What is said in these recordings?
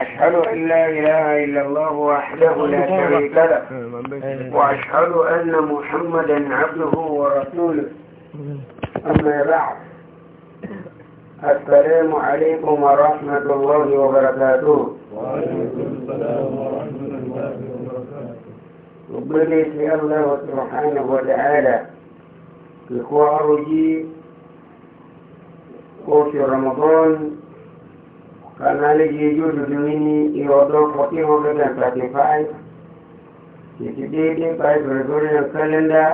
أشهد أن لا إله إلا الله وحده لا أيوة. شريك له أيوة. أيوة. وأشهد أن محمدا عبده ورسوله أما بعد السلام عليكم ورحمة الله وبركاته وعليكم السلام ورحمة الله وبركاته ربنا الله سبحانه وتعالى في خوارجي وفي رمضان kanalegi yóòdùdùmí ní ìrọ̀dọ́ 1435 ìtì déédé by gregorian calendar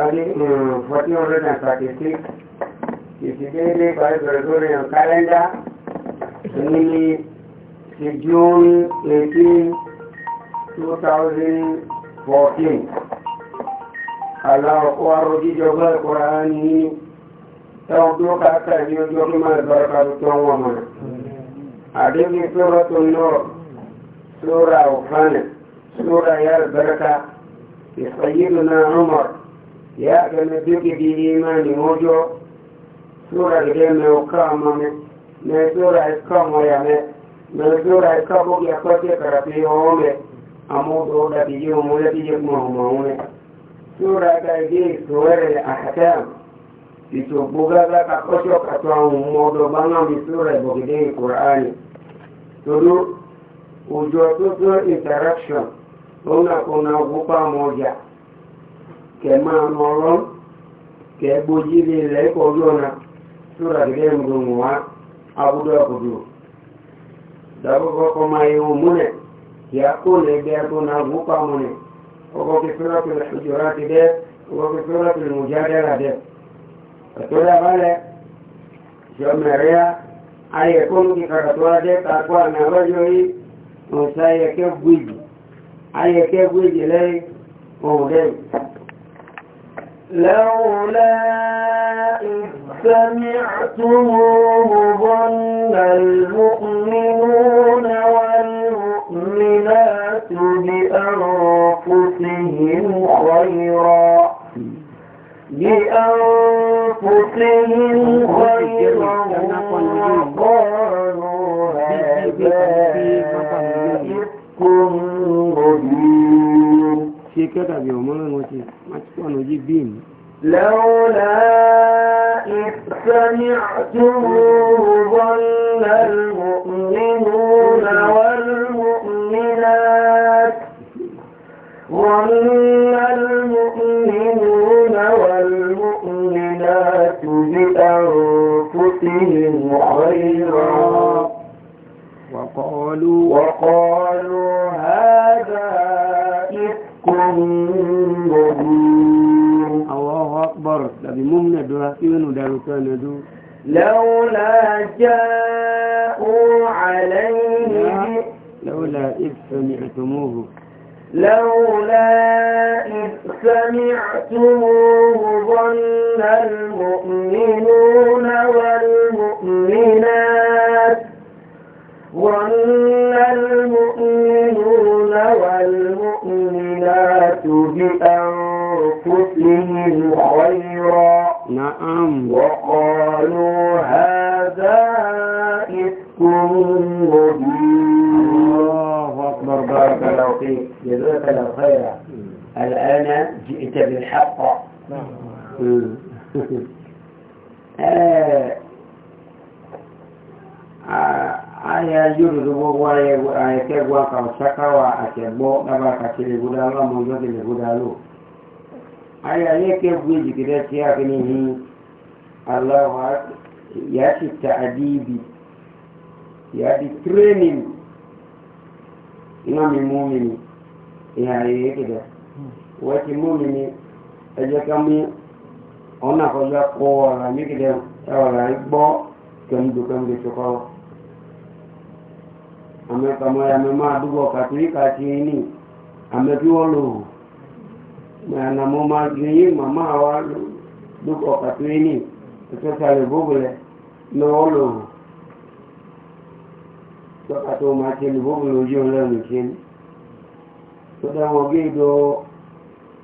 àrí 1436 ìtì déédé by gregorian calendar ní ní ti june 18 2014 aláwọ̀ kó arọ jíjọba ìkọ̀rọ̀ ní tawdo ka ka ni do ki ma baraka to wa ma ade ni sura to no sura ufana sura ya baraka ki sayyidina umar ya ga ne bi ki imani mojo sura de me o ka ma me me sura e ka mo ya me me sura e ka bo ya ko te kara pe o me amo do da bi yo mo ya ti je mo mo ne sura ka ge sura al ahkam ìtògbógágá kakọ́ṣọ́ kàtọ́ àwọn ọmọdọ̀ bá náà mi tó rẹ̀ bọ̀gìdé ìkùránì torí òjò tó tó interaction òun náà kò náà gbópa ọmọ ọjà kẹ máa nà ọ̀rọ̀ kẹ gbójí lè lẹ́kọ̀ọ́ ojú ọ̀nà tó rà gẹ́gẹ́ ìmùgbòmù wá agudo akudu daboko koma yumune yakune biyakuna gbópa mune ọkọ̀ kẹfẹ́rọ̀ kẹfẹ́rọ̀ kẹfẹ́rọ̀ kẹfẹ́rọ̀ kẹfẹ́rọ̀ kẹfẹ́rọ̀ kẹfẹ́rọ̀ kẹfẹ́rọ̀ katoda wale jomerea aliyekunu kikakatwade kakuwa na rojoi musayeke gwiji aliyeke gwiji lei oudei لولا إذ سمعتموه ظن المؤمنون والمؤمنات بأنفسهم خيرا بأنفسهم أنفسهم خيرا وقالوا هذا إفك مبين شكرا يوم الله ما تكون جيبين لولا إذ سمعتموه ظن المؤمنون والمؤمنات ظن المؤمنون لأنفسهم خيرا وقالوا وقالوا هذا إفك مبين الله أكبر لبي ممنا دراسيون لولا جاءوا عليه لولا إذ سمعتموه لولا إذ سمعتموه ظن المؤمنون والمؤمنات ظن المؤمنون والمؤمنات بأنفسهم خيرا نعم وقالوا هذا إفك مبين جزاك الله خيرا الآن جئت بالحق aya yoro do bo wa ye aya ke wa ka saka wa ake bo na ba ka kile guda la mo yo kile guda lo aya ye ke bu ji kide ti a kini hi allah wa ya ti ta'dibi ya di training ina mi mu'mini ìhàyè ìdẹ̀ wọ́n ti mú mi ní ẹjẹ́ ká mú ọ̀nà àkọjá kọ́ ọ̀rọ̀ àmìkìdẹ̀ ọ̀rọ̀ àìgbọ́ kẹmdù kẹmdù ṣùkọ́ àmẹ́kàmọ́ ẹ̀mẹ́ máa dúgbọ́ kàtírí kàtí ní àmẹ́bí wọ́n lò ó mẹ́ànà mo máa gbé yín màmá wa dúgbọ́ kàtírí ní ìfẹ́sàlẹ̀ bóbulẹ̀ ní wọ́n lò ó tọ́ka kódà wọn gé ìdọ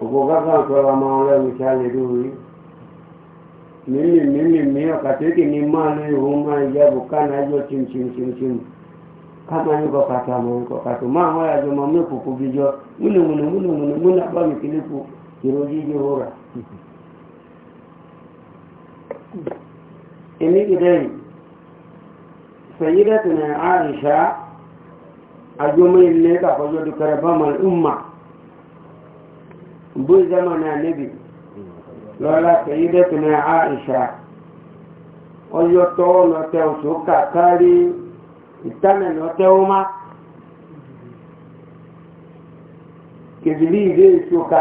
ọ̀pọ̀gágá tọ́ra máa rẹ̀wù tí a lè lórí mímì mímì mí ọ̀kàtẹ́kì ní máa ní ìhun máa ìyàbò kánájọ́ tìmtìmtìmtìm káàmà ní kọkàtà mọ̀ kọkàtà máa wọ́n yàjọ mọ̀ mí kòkò gíjọ múnùmùnù múnùmùnù múnà bá mi kìlí fún ìrò jíjẹ hóra. èmi kìdẹ́rì fẹ̀yídẹ́tì ní àìsà ajoma ile ka kwazo da karabama al'umma bu zamana nabi lọ́la kẹ̀yí dẹ́kùnrin àìṣà ọyọ́ tọ́wọ́ lọ́tẹ́ oṣù kàkárí ìtànẹ̀ lọ́tẹ́ ó má kèbìlì ìdé ìṣòka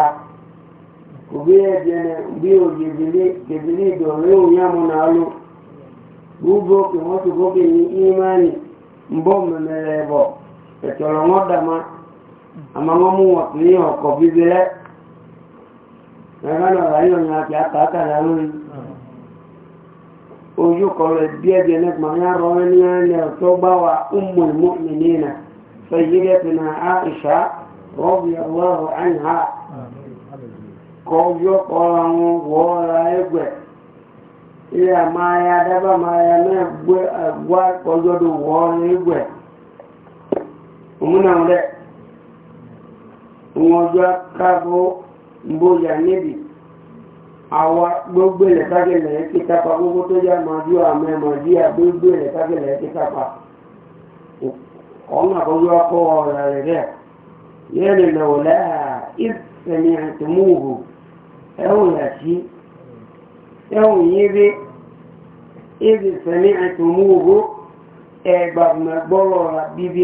òbí ẹ̀jẹ̀nẹ̀ bí òyèbìlì kèbìlì ìdọ̀rẹ́ òyàmúnà ló gbogbo kí wọ́n ti gbókè ní ìmánì ń bọ́ mẹ́mẹ́rẹ́ bọ̀ ẹ̀tọ́rọ wọn dàmá àmọ́ wọn mú wọn ní ọkọ̀ bíbí rẹ̀ ẹ̀rọ ọ̀rọ̀ ayé ọ̀yàn àti àkàkàrà lórí ojú kọlẹ̀ díẹ̀ díẹ̀ nípa ní àrọ̀ ní ẹ̀lẹ́ tó bá wa ummul mu'minina sayyidatina Aisha radiyallahu anha kọjú kọlọ wọn wọ́ọ̀rọ̀ ẹgbẹ̀ ilé àmáyá dábàmáyá náà gbé ẹgbẹ́ kọjọ́dọ̀ wọ́ọ̀rọ̀ ẹgbẹ̀ òun náà rẹ̀ òun ọjọ́ káàbọ̀ gbóyà níbi awa gbogbo ilẹ̀ kágẹ̀lẹ̀ ẹ̀kí kápa gbogbo tó yá màájú ilẹ̀ kápa ọ̀nà akọ́ rẹ̀ rẹ̀ lè lẹ́hà ìfẹ̀mí ẹ̀hùn yàtí ẹ̀hùn ìfẹ̀mí bíbí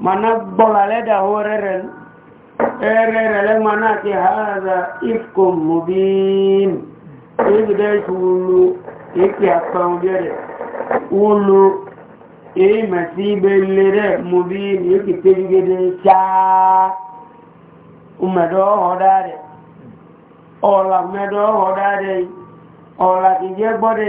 mana gbolale da horeren ererele mana ti haza ifkum mubin ibide sulu iki akan bere ulu e masibe lere mubin iki tejigede cha umedo hodare ola medo hodare ola ti je gbode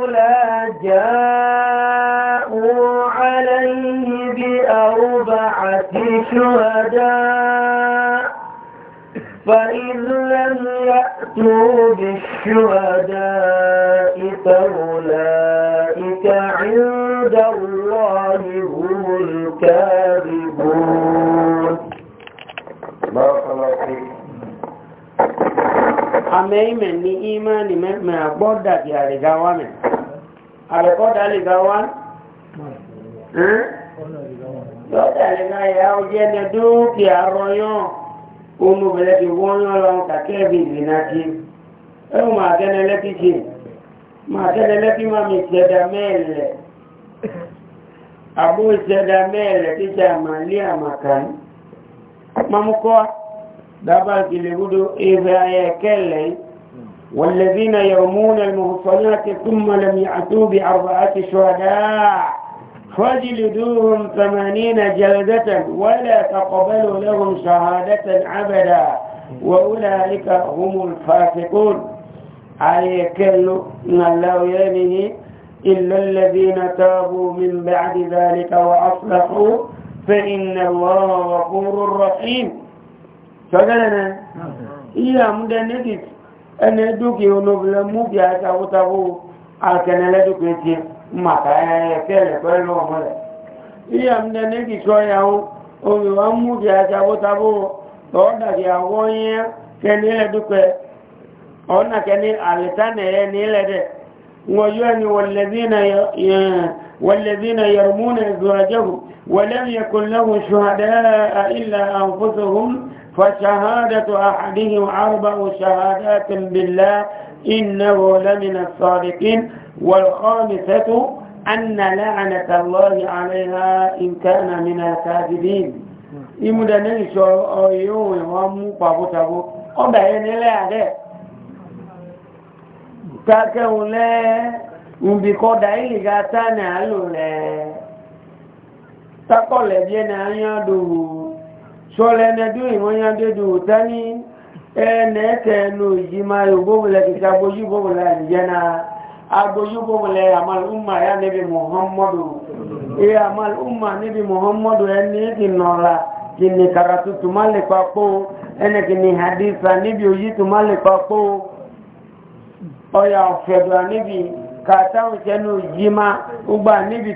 لولا جاءوا عليه بأربعة شهداء فإذ لم يأتوا بالشهداء فأولئك عند الله هم الكاذبون amẹ́yìnmẹ̀ ní ìmánì mẹ́mẹ́ àgbọ́dà di àrìgáwá mẹ́ àrẹ̀kọ́dà àrìgáwá lọ́dà àrìgáyà ọjẹ́ ẹni dúkìá rọyán ohun obìnrin ti wọ́nyán lọ kàkẹ́ẹ̀bì ìrìnàjì ẹ̀hùn máa tẹ́lẹ̀ lẹ́kì jì máa tẹ́lẹ̀ lẹ́kì máa mi ìṣẹ̀dá mẹ́ẹ̀lẹ̀ àbú ìṣẹ̀dá mẹ́ẹ̀lẹ̀ tíjà màálí àmàkàn mamukọ́ اللي كيلغودو إذا يكلي والذين يرمون المهصلات ثم لم يأتوا بأربعة شهداء فاجلدوهم ثمانين جلدة ولا تقبلوا لهم شهادة أبدا وأولئك هم الفاسقون من لا يمه إلا الذين تابوا من بعد ذلك وأصلحوا فإن الله غفور رحيم sọ́gẹ́rẹ́ eh, eh, eh, ni iye àmúdẹ nẹ́tì ẹni dúkì onóbìnrin mú bí aṣàwótawó akẹnẹlẹ́dúkì ti màkà ẹ̀kẹ́lẹ̀ pẹ́lú ọmọ rẹ̀ iye àmúdẹ nẹ́tì sọ́yàwó olùwà mú bí aṣàwótawó ọ̀dàbí àwọ̀ yẹn kẹ́nìlẹ́dúkì ọ̀nà kẹ́ni àlìtánẹ̀ ẹ̀ nílẹ̀dẹ̀ wọ́n فشهادة أحدهم أربع شهادات بالله إنه لمن الصادقين والخامسة أن لعنة الله عليها إن كان من الكاذبين إمدني شو أيوه وامو بابو تابو أبا ينلا عليه تاكون لا مبكو دايلي غاتانا لولا تاكو لبينا يدو sọ́lẹ̀ ẹnẹ́dún ìwọ́nyá dédú òtá ní ẹnẹ́tẹ̀ẹ́nu ìjímá ògbóhùnlẹ̀ kìí agbójú gbóhùnlẹ̀ àìjẹ́nà agbójú gbóhùnlẹ̀ àmàlù umma ya níbi muhammadu ìyá àmàlù umma níbi muhammadu ẹni ti nọ̀ra kì ní karatu tùmálẹ̀ ẹni kì ní hadisa níbi òyí tùmálẹ̀ papọ̀ ọya níbi kàtàwùsẹ́nu níbi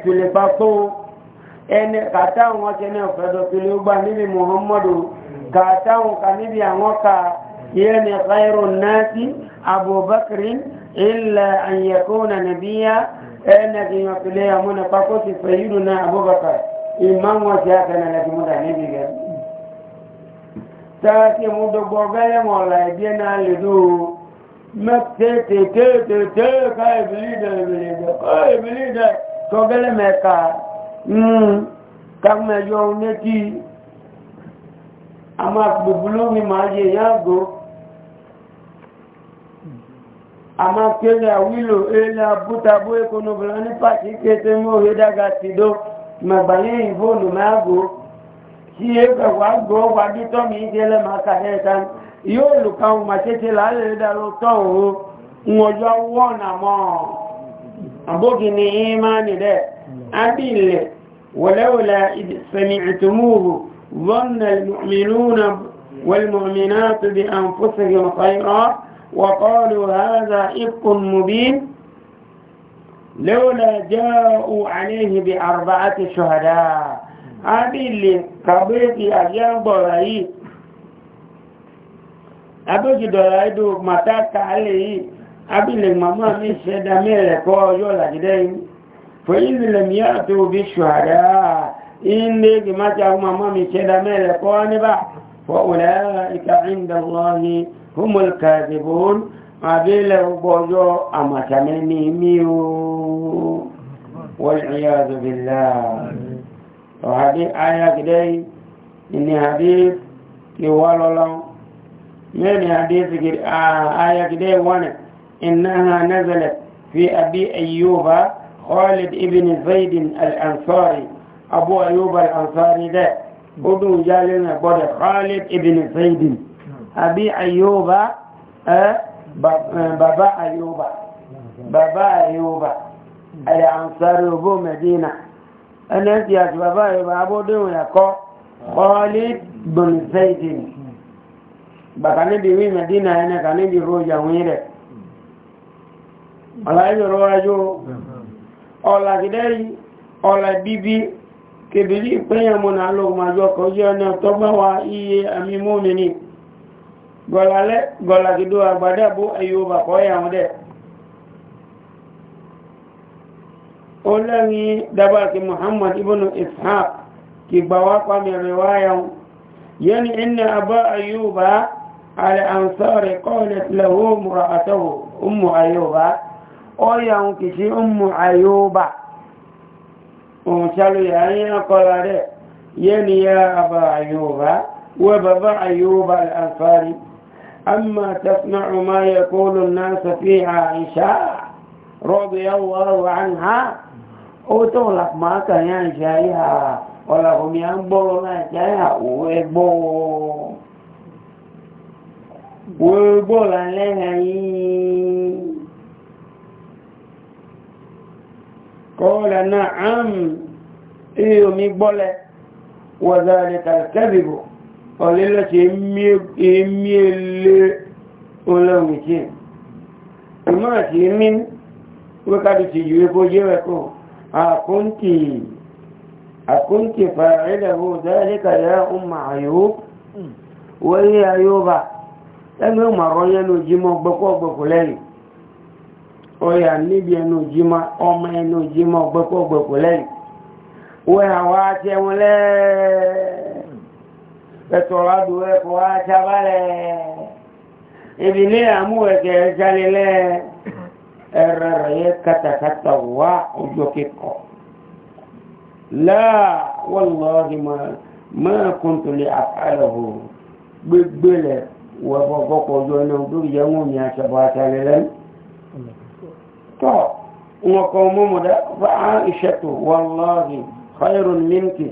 ẹni kàtà wọn kẹne ọ̀fẹ́dọ̀ pẹ̀lú ọgbà níbi muhammadu kàtà wọn kà níbi àwọn ka yẹni kairu nasi abubakari ilẹ̀ àyẹ̀kọ́nà nàbíyà ẹni kìyàn pẹ̀lú àmúnà pákó ti fẹ̀yìnù náà abubakar ìmá wọn ti àkànnà láti múdà níbi gẹ̀ sáàkì mú dọgbọ gẹ́lẹ́ mọ̀lá ẹgbẹ́ náà lè dó mẹ́tẹ̀ẹ̀tẹ̀ẹ̀tẹ̀ẹ̀tẹ̀ẹ̀ ká kámẹ́jọ onétí a máa gbogbolómi máa yẹ yáàgó a máa kéde àwílò èlà bútabó ekonobìnrin ní pàtí kéte mọ́ ìdága ti dó mẹ̀gbàyé ìfóònù mẹ́àgó tí ẹgbẹ̀wà gbọ́ wà dítọ́ mi máa kàrẹ́ ẹ̀ta ni ìmá nìdẹ̀ ilẹ̀ ولولا إذ سمعتموه ظن المؤمنون والمؤمنات بأنفسهم خيرا وقالوا هذا إفق مبين لولا جاءوا عليه بأربعة شهداء هذه اللي قبلت أيام ضرائي أبوك ضرائي متى تعليه أبي لك ماما مش دمير كو يولا جدين فإن لم يأتوا بالشهداء إن لك ما تهم أمامي كذا مالك ونبح فأولئك عند الله هم الكاذبون أبيله بوجو أما تمني ميو والعياذ بالله وهذه آية كده إن حديث كيوالو لهم من حديث آه، آية كده وانا إنها نزلت في أبي أيوب خالد ابن زيد الأنصاري أبو أيوب الأنصاري ده بدو جالنا بود خالد ابن زيد أبي أيوب أه بابا أيوب بابا أيوب الأنصاري أبو مدينة أنا يا بابا أيوب أبو دون يقول خالد بن زيد بكاني بيوي مدينة أنا كاني بيروج أميره على أي رواجو ọ̀là gidẹ́rí ọ̀là bíbí kèbìlì ìpẹ́yàmù náà lọ màjọ kọjú ọ̀nà tọ́gbà wa iye àmì múmi ni gọ̀là gidó àgbàdàbó ẹ̀yọ bàkọ́ ẹ̀yàwó dẹ̀ ó lẹ́rin dábàkì muhammad ibn ishaq kì gbà wá pàmì rẹwáyàwó yẹni ẹni àbá ayúbá alẹ́ ansọ́rẹ̀ kọ́ọ̀lẹ̀ lẹ́wọ́ ọya ń kìí mú àyóbà ohun ṣàlù yàáyìn akọ́lá rẹ̀ yẹ́ ni yá àbà àyóbà wẹ́ bàbá àyóbà alfari amma tasna'u fi aisha radiyallahu anha o to la ma ka wala la kọ́ọ̀lẹ̀ na àmì ihe omi gbọ́lẹ̀ wọ̀zàrẹ̀ kàrẹ̀kẹ́bìbò ọ̀lẹ́lẹ́sẹ̀ emíẹ̀lẹ́ olóòmìtì ìmọ̀ àti emí wíkàdì ti yìí kó jẹ́ ẹ̀kọ́ àkóǹtì àkóǹtì fàrẹ̀lẹ̀wò zàrẹ̀ kàrẹ̀ ọmọ ya hmm. wọ́n yẹ́ àyòó bá oya níbi ẹnu jímọ́ ọmọ ẹnu jímọ́ gbẹ́kọ̀gbẹ̀kọ̀ lẹ́yìn wọ́n àwọn ajẹun lẹ́ẹ̀ ẹ̀tọ́ ládùú ẹ̀kọ́ ajábálẹ̀ ibi ní àmú ẹ̀kẹ́ jálẹ̀lẹ́ ẹ̀rẹ̀ rẹ̀ kátàkátà wá ojú kíkọ́ láà wọ́lọ́ọ̀dì máa kún tó lè àfàlẹ̀hù gbégbélẹ̀ wọ́pọ̀pọ̀pọ̀ ojú ẹni ojú ìyẹ́wò mi àṣàbọ̀ àṣàlẹ̀lẹ́nu tọ́ wọn kọ mọ́mọ́ dá fa aishatu wallahi khairun minki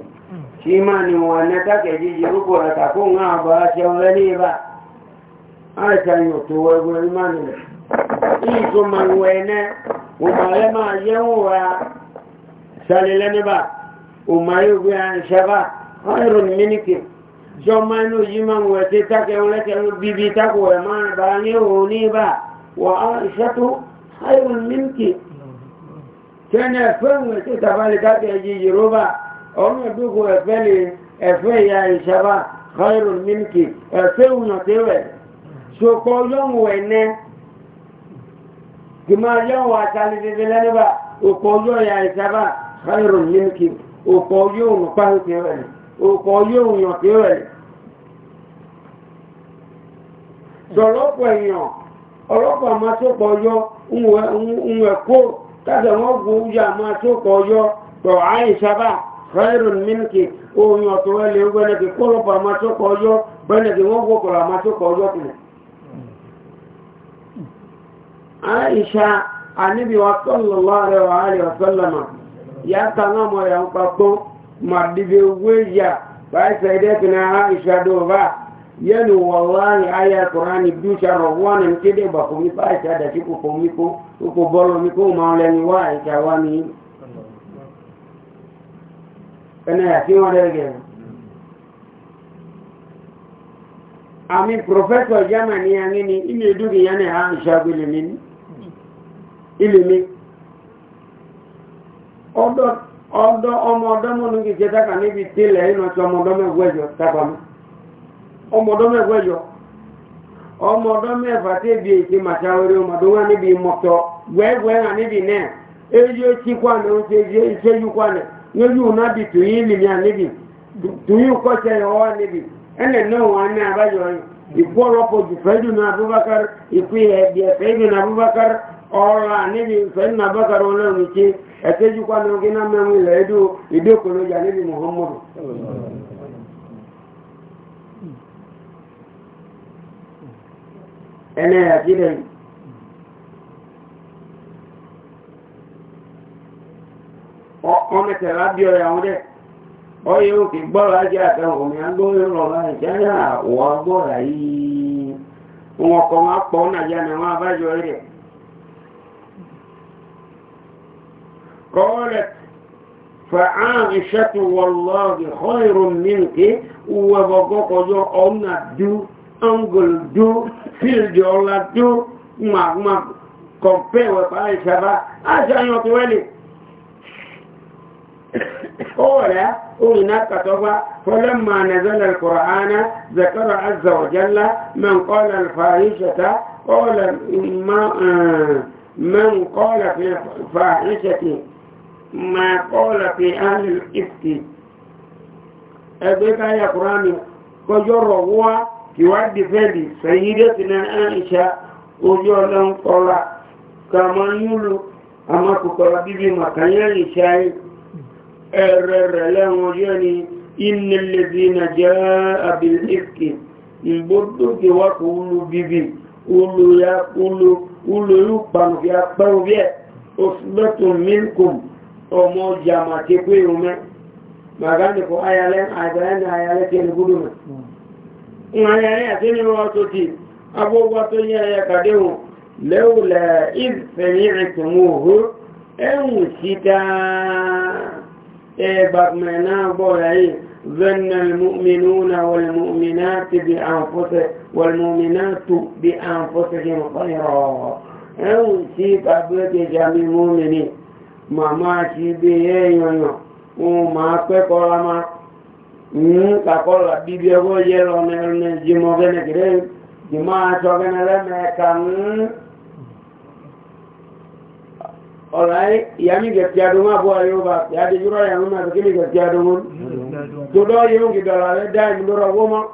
shi ma ni wọn na take jiji ruko da takun ha ba ṣe wani ba aisha yóò tó wẹgbẹ imani rẹ ìtò màwẹ ẹnẹ òmàlẹ máa yẹwò wa sàlẹlẹ níbà òmàlẹ ògbé inú yìí máa ń wẹ̀ tí tákẹ́ wọn bíbí tákù ẹ̀ máa bá ní òun ní bá wọ́n aisha tó hayrun minki tẹ́lẹ̀ ẹ̀fẹ́ ìwé tí tàbálẹ̀ káàkiri ẹ̀jì yorùbá ọ̀nà ìdúgbò ẹ̀fẹ́ lè ẹ̀fẹ́ ìyá ìṣàbá hayrun minki ẹ̀fẹ́ ìwùnà tẹ́wẹ̀ ṣokọ̀ yọ̀hún ẹ̀nẹ́ kì máa yọ̀hún àtàlẹ̀ tẹ́tẹ́ lẹ́nìbà òpọ̀ yọ̀ ìyá ìṣàbá hayrun minki òpọ̀ yọ̀hún pàhùn èèyàn ọ̀rọ̀pọ̀ àmọ́ tó pọ̀ yọ̀ ń ẹ̀kọ́ káàkiri wọ́n gbò yà máa tó kọ yọ tọ̀ àìsàbà fẹ́rùn mínkì ohun ọ̀tọ̀ ẹlẹ́ gbẹ́nẹ̀kì kọ́lọ̀pọ̀ àmà tó kọ yọ gbẹ́nẹ̀kì wọ́n gbọ́kọ̀lọ̀ àmà tó kọ yọ kùnà àìsà àníbíwá sọ́lọ̀lọ́ rẹ̀ wà á rẹ̀ sọ́lọ̀mà yàtà yẹnu wàláyé ayé kùránì bí ó ṣàrọ̀ wọ́n ní kéde bàkú mi bá ìṣe àdàtí kò fò mí kó kò bọ́lọ̀ mi kó máa lẹ́ni wá ìṣà wá ní. ẹnẹ àti wọn rẹ gẹ. àmì pòfẹ́sọ̀ germany yanni ni ilé dúkì yanni à ń ṣàgbé lèmi ní ilèmi. ọdọ ọmọ ọdọmọdún kìí ṣe tákà níbi tẹlẹ ìnà tí ọmọ ọdọmọ ẹgbẹjọ tápamọ. ọmọdọ́ mẹ́gbẹ́jọ ọmọdọ́ mẹ́fà tí ebi èké màtí awẹ́rẹ́ ọmọdọ́ wà níbi mọ̀tọ́ gbẹ́gbẹ́ hàn níbi náà eyi etí kwanà oṣù kwanà bi tùyí lìmí àníbi tùyí kọ́sẹ̀ ọwọ́ àníbi ẹnẹ̀ náà wọn ní abájọ yìí ìkọ́rọ̀pọ̀ jù fẹ́jù náà abúbákar ìpí ẹ̀bí ẹ̀fẹ́jù náà abúbákar ọ̀rọ̀ fẹ́jù ọlọ́run kwanà ẹlẹ́yàjílẹ̀ ọkàn mẹ́tẹ̀lá bí ọ̀rẹ́ àwọn dẹ̀ ọyẹ́ òkè gbọ́rọ̀ ajé àtẹ̀wọ̀n mi agbóhùn lọ́la ìjáyà wọ́n gbọ́rọ̀ yìí wọn kọ̀ wọ́n pọ̀ nàìjíríà ní wọ́n abájọ rẹ̀ angle do field ọ̀la do ma ma compare wẹ̀ pàlá ìṣàbá aṣàyàn ti wẹ́lẹ̀ ọ̀rẹ́ ohun náà kàtọ́gbá fọlẹ́mà nàzẹ́lẹ̀ alkùrọ̀ánà zẹ̀kọ́rọ̀ azọ̀wọ̀jẹ́lá mẹ́ǹkọ́lẹ̀ alfàáyíṣẹ́ta ọ̀lẹ̀ mẹ́ǹkọ́lẹ̀ fàáyíṣẹ́ta ma kọ́lẹ̀ eh, fi ahìl ìfì ẹgbẹ́ káyà kùránì kọjọ́ rọ̀ wọ́n ìwádìí fẹ́lì sẹ̀yídẹ́tìnà àìṣà ojú ọlọ́n kọ́lá kàmọ́ yúlù àmọ́kùkọ́lá bíbí màkànyẹ́ ìṣà ẹ̀rẹ̀ rẹ̀ lẹ́wọ̀n yẹ́ ni inelezina jẹ́ abilẹ́kì ìgbódókè wákò ulu bíbí ulu ya ulu ulu yóò pàmò fi apẹ́wò bí ẹ̀ oṣùlọ́tò milkom ọmọ jàmà ìrìnrìn àti nínú ọtọ́ ti agbógbó tó yẹ ẹyẹ kàdéhùn lẹ́wùlẹ̀ ìfẹ̀mí ìtùmúhù ẹ̀wù síta ẹgbàgbẹ̀ná gbọ́rẹ̀ yìí ظن المؤمنون والمؤمنات بأنفسهم والمؤمنات بأنفسهم خيرا ẹ̀wù sí pàbílẹ̀ jami múmini màmá ti bí ẹ̀yọ̀yọ̀ wọn máa ka hm, kola bibia go yelo ne ne jimo gene gire jima to gene le me kan hm. olai yami ge tia do ma bo ayo ba ya de juro ya ma ge ge tia do mun to do yimo ge dala le dai mun ro go mo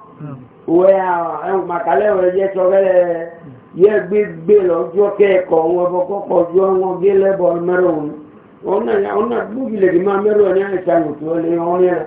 we a en eh, ma kale o ye to gele ye gbe gbe lo jo ke ko wo bo ko ko jo ngo ge le bo merun ona ya ona bu gile ge ma meru ne ya sangu to le ona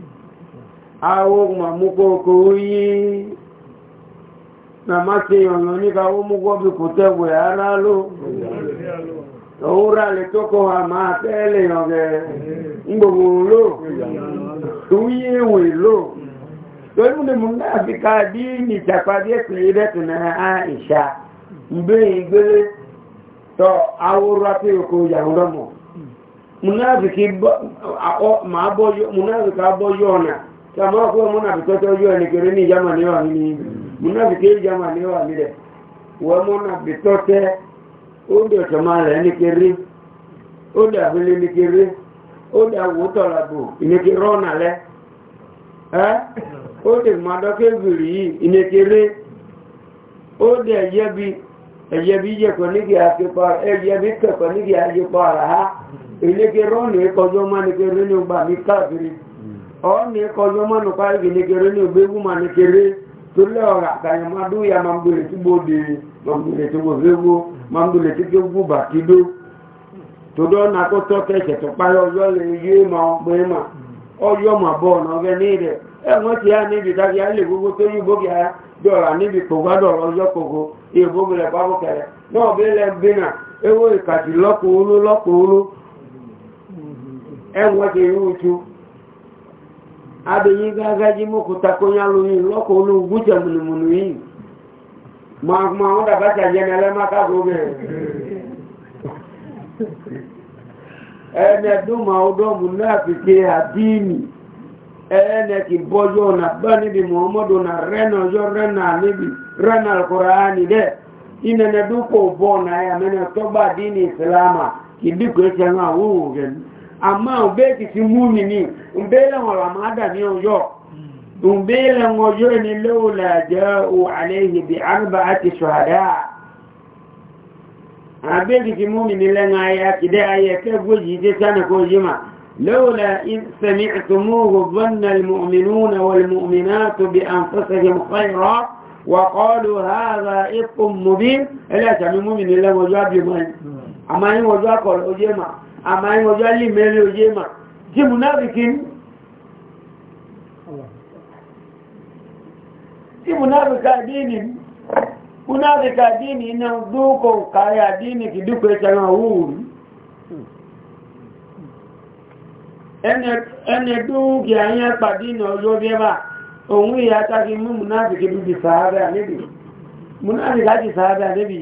awo ma muko ko yi na ma se yono ni ka wo muko bi ko te we ara lo ora le ha ma te le yo ge ngbo lo tuye we lo to na bi ka di ni ta pa di na mbe to awo ra te ko ya munafiki ma bo munafiki kama kuwa munafiki tojua nikirini jama ni wa nini munafiki jama ni wa nile wa munafiki tote unde otomale nikiri unde abili nikiri unde awutolabu nikirona le eh unde madoke vili nikiri unde yebi eyebi je ko nigi ake par eyebi ko nigi aje par ha nikironi ko joma nikiri ni ba mikafiri ọ́nà ẹkọ̀ ọjọ́ mọ́nù pa ìgbìnigere ní ògbéwú ma ní kéré tó lẹ́ ọ̀rọ̀ àtàyàn ya máa ń gbèrè tí bó de máa ń gbèrè tí bó fẹ́wó máa ń gbèrè tí na kó tọ́ kẹsẹ̀ tó parí ọjọ́ lè yé ma ọ ma ọjọ́ mà bọ̀ ọ̀nà ọ̀gẹ́ ní rẹ̀ ẹ̀ wọ́n ti yá níbi dákì á gbogbo tó yíbo kí á dọ̀rọ̀ níbi kòkó ọjọ́ abeyi gagaji moko takonya lumi loko lu guja munumunu yi ma ma onda bacha yene le maka gobe ene duma odo munafiki adini ene ki bojo na bani bi muhammadu na reno jo rena libi rena alqurani de ine ne duko bona ya mene toba dini islama kidiko echa nga uu genu àmá òbéèkì ti mú mi ní òbéèlẹ̀ wọn ràmádà ní ọjọ́ òbéèlẹ̀ wọn ọjọ́ ní lóòlà jẹ́ o àlẹ́yìnbí arúbá àti ṣọ̀dá àbéèkì ti mú mi ní lẹ́nà ayé kìdẹ́ ayé kẹgbójì tí sánàkó yíma لولا إن سمعتموه ظن المؤمنون والمؤمنات بأنفسهم خيرا وقالوا هذا إفق مبين إلا تعمل مؤمن الله وجواب يمين أما إن وجواب قول أجيما àmà ìwọ̀jọ́ lè mẹ́rin òye mà tí mú náà bìkí ní tí mú náà bìkà dínì mú náà bìkà dínì iná dúkọ̀ kárí àdínì kì dúkọ̀ ẹ̀tẹ̀ràn òwúrú ẹni dúkì àyẹ́ pàdínì ọjọ́ bí òun ìyá tàbí mú mú náà bí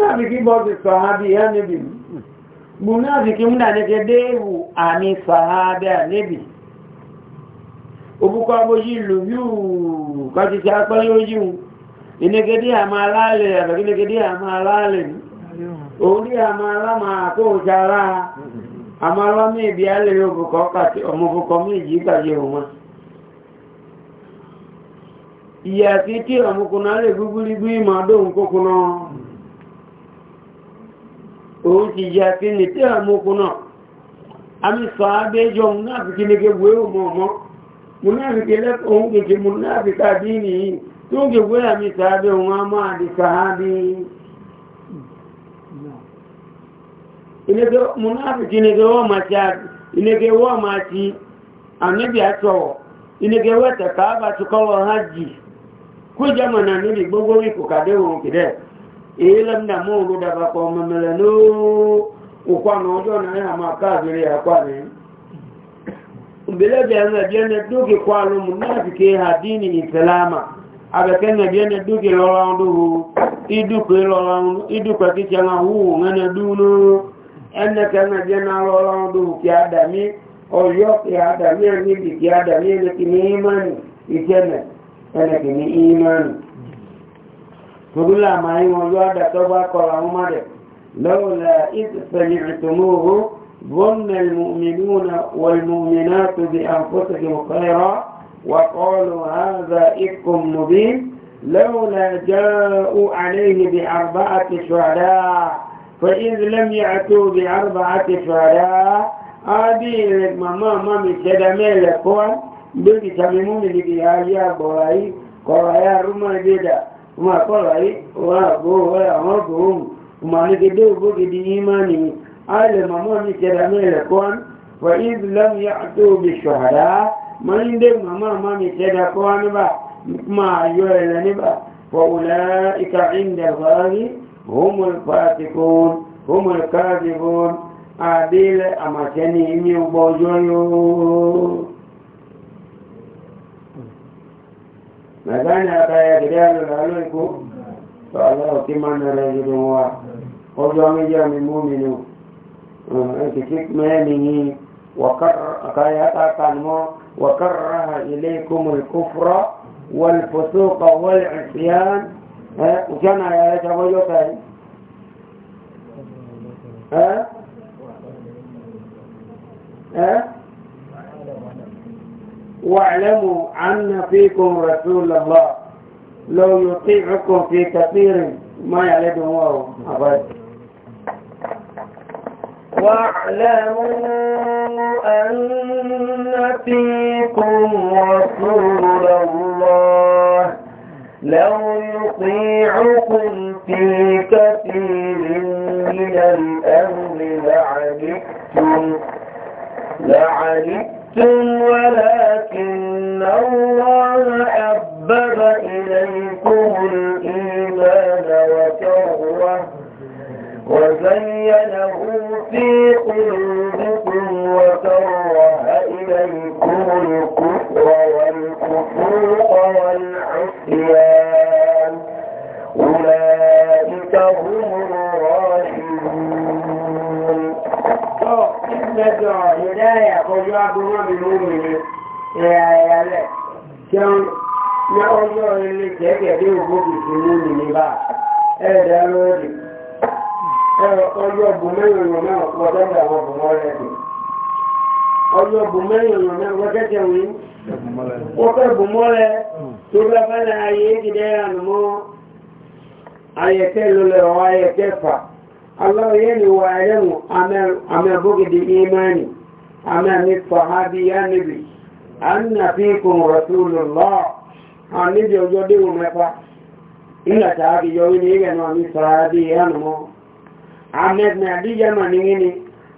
múnàfikí bọ́sì sọ̀hábí yá níbi múnàfikí múnàfikí déèwù àmì sọ̀hábí níbi òbúkọ abójí ìlú yóò kọjú sí apẹ́ yóò yíò inegede àmà aláàlẹ̀ àbẹ̀kí inegede àmà aláàlẹ̀ orí àmà aláàmà àkóòjára àmà aláàmì ìbí alẹ́ òbúkọ ọmọbúkọ méjì kàjẹ òun ìyàtí tí ọmọkùnrin alẹ́ gúgúrí gbí ìmọ̀ àdóhùn kókùnrin òun ti yà kí ní tí àmú okun náà àmì sàábé jọ múnáàfikí ní ké wé òmò ọmọ múnáàfikí lẹ́kọ̀ọ́ òun kèké múnáàfikà dín nìyí n'iyi ń ké wé àmì sàábé òun á máa di sàábé ineke máa ti àtọ̀wọ̀ na nà mú òru dàbàpọ̀ mẹ́mẹ́lẹ̀ ní na ọjọ́ na àmà káàkiri àkwàrí ìbílẹ̀bẹ̀ ẹ̀rẹ̀bíẹ́nẹ dúkì kọ alùmù náà ti ké àdínì ìsẹ̀láàmà abẹ̀kẹ́nẹ̀bíẹ́nẹ dúkì lọ́rọ̀ ọdún ìdúkẹ́ ẹnẹ̀kì ní ìmánì فقل ما هي موجودة توبة قرآن لولا إذ سمعتموه ظن المؤمنون والمؤمنات بأنفسهم خيرا وقالوا هذا إفك مبين لولا جاءوا عليه بأربعة شهداء فإذ لم يأتوا بأربعة شهداء هذه ما ما ما شدمي لكوان بيكي سميموني بيكي هاجي أبوهي قرايا رمى بيدا wọn àkọ́rọ̀ ayé wọ́n àgbò wọ́n àwọn ọgbòhùn wọn ànígedé ògbógedé ìmáni alẹ́ màmọ́ ní kẹrẹ mẹ́rẹ̀ kọ́n wọ́n ìdílọ́m yà tó bí ṣọ̀hàdá ma ń dé màmá àmá mi kẹrẹ kọ́n níbà máa yọ ẹ̀rẹ̀ níbà fọ̀wùlẹ́ ìka ìndẹ̀ fọ́rí homer patikon homer kazibon àbílẹ̀ àmàkẹ́ni ìmí ọgbọ́ yọ́yọ́ nadhani atayakijana na aloiku Allah kimana rajulwa ojo amejia ni muumini eh, kikikmeni ni wakayatakanmo wakaraha ilaikum alkufra والفسوق والعصيان وكان يا تبويو كاي ها ها واعلموا أن فيكم رسول الله لو يطيعكم في كثير ما يعلمه الله أبدا واعلموا أن فيكم رسول الله لو يطيعكم في كثير من الأمر لعنتم لعنتم شئتم ولكن الله حبب إليكم الإيمان وكره وزينه في قلوبكم وكره إليكم الكفر والكفوق والعصيان أولئك هم ẹgbẹ́sọ̀ ìdáyà ọjọ́ agbóró mi mú mi ní ẹ̀yà rẹ̀ jẹun ní ọjọ́ ilé kẹ́kẹ̀ẹ́ ògbó kìkì mú mi ní bá ẹ̀ẹ́dẹ̀ lóòdì ọjọ́ bùmẹ́rin ìrọ̀mẹ́ ọ̀pọ̀lọpọ̀ àwọn ọ̀bùnmọ́ rẹ̀ dì ọjọ́ bùmẹ́rin ìrọ̀mẹ́ wọ́kẹ́kẹ́ wí wọ́kẹ́ bùmọ́ rẹ̀ tó bá fẹ́ ayé kìdẹ́ ànùmọ́ ayẹ̀kẹ́ lulẹ̀ ọ̀ ayẹ̀kẹ́ fà Allah yẹni wà ẹ̀rẹ̀mù amẹ́bógidi imani amẹ́mi fàhábí yá níbi annafikun rasulullah a níbi ọjọ́ dé wọn mẹ́fà ìlàtà àbíyọ ní ilẹ̀ náà ní fàhábí yá nùmọ́ amẹ́bìnà àdíjẹ́ mà níyí ni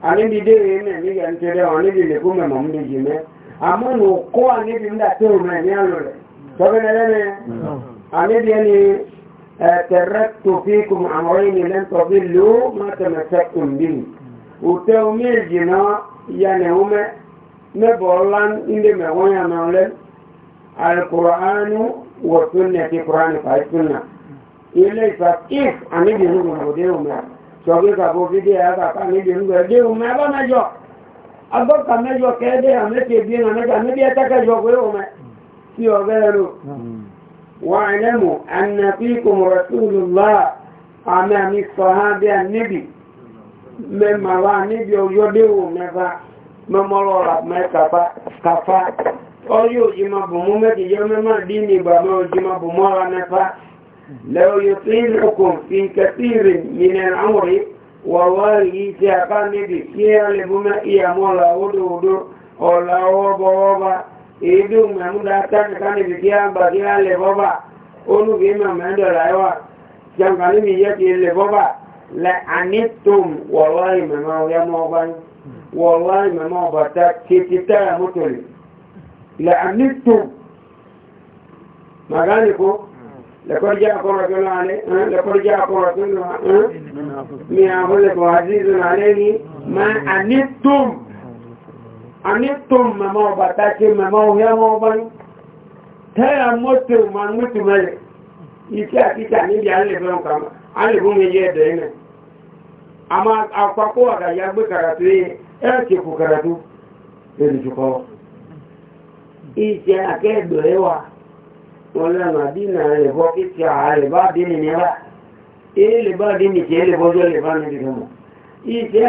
a níbi dé rí mẹ́ nígbà ń tẹ́lẹ̀ wọn níbi lè fún mẹ́mọ̀ mú jì mẹ́ àmọ́ nù تركت فيكم أمرين لن تضلوا ما تمسكتم به وتومي الجنا يعني هما مبولان إن ما ويا مولان القرآن والسنة في قرآن فهي السنة إلي فكيف أن يجنون موديهما شوفي كابو في دي هذا كان يجنون موديهما أبا مجو أبا كان مجو كده أمي تبين أمي تبين أمي تبين أمي تبين أمي تبين أمي تبين ha ma nwanye bụ nepekomrepul lọa aikaha d aebi oydwụmemorlap kapa onye ojimabụ mume gje meme din ihe ojibụ mlapa loye kikoike tirin minera awụrụ wawariike akanebi nye ya naemume iyamoloobodo ọlaọba èédú mẹ́múdá tánìkánì bí kí á gbà kí á lè bọ́bà olùgbé mẹ́mẹ́dọ̀ láíwà jẹ́ǹkàní mi yẹ́ kí lè bọ́bà lẹ ànítòm wọ̀lá ìmẹ̀mọ́ ọ̀yẹ́mọ́ ọba wọ̀lá ìmẹ̀mọ́ ọba tá kéèké táyà mọ́tò rẹ̀ lẹ ànítòm màgánìkó لقد جاءكم رسول عليه لقد ما عنتم ani tom mama bata ke mama ohia mo ban taya moto man mutu mele ike akita ni bi ale be onka ma ale bu me ye de ne ama akwako aga ya gbe karatu e e ke ku karatu e ni juko ije ake do ewa wala na dina e bo ki ti ale ba dini ni ba e le ba dini ke le bo jo le ba ni de mo ije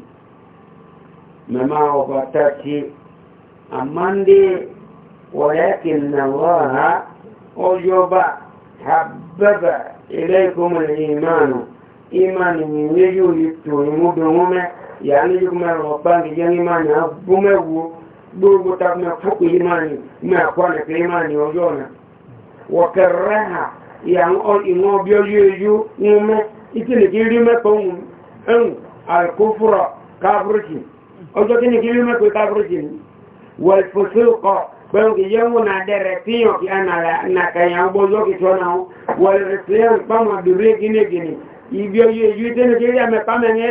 مما وفتتي أمان دي ولكن الله أجب حبب إليكم الإيمان إيمان يجو يتوهم بهم يعني يجب ربان يجب أبومه gbogbo ta ma fukku imani ma kwana ka imani ojona wakarraha ya on ino bio yeju ngume itile kiri me ko ngum al kufra kafirki ọjọ́ kí ni kí ló mẹ́kọ̀ọ́ tábúrú jì ní wọ̀lfọ̀sọ́kọ̀ pẹ̀lú kì yẹ́wò náà dẹ̀rẹ̀ fíyàn kí anàkàyà ọgbọ́jọ́ kì tọ́ náà wọ̀lfọ̀sọ́kọ̀ pàmò dùrú gíní gíní ibi oyè yìí tí ni kí ló mẹ́kọ̀ọ́ mẹ́rin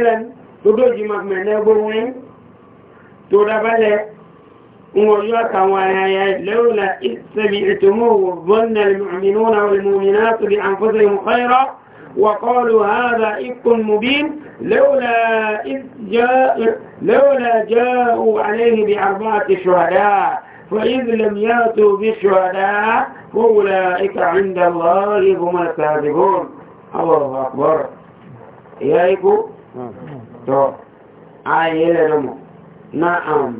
ẹlẹ́ni لولا إذ سمعتموه ظن المؤمنون والمؤمنات بأنفسهم خيرا وقالوا هذا إفك مبين لولا, إذ جاء لولا جاءوا عليه بأربعة شهداء فإذ لم يأتوا بالشهداء فأولئك عند الله هم الكاذبون الله أكبر إيه يا إيكو تو نعم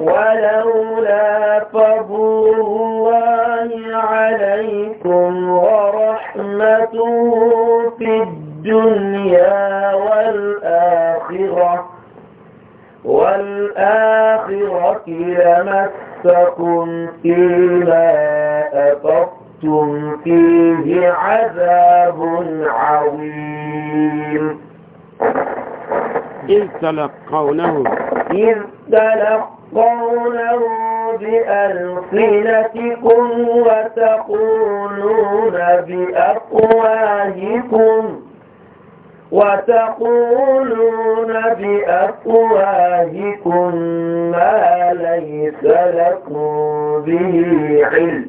ولولا فضل الله عليكم ورحمته في الدنيا والآخرة والآخرة لمسكم فيما أفضتم فيه عذاب عظيم إذ تلقونه إذ تلقونه تلقونه بألسنتكم وتقولون بأفواهكم وتقولون بأفواهكم ما ليس لكم به علم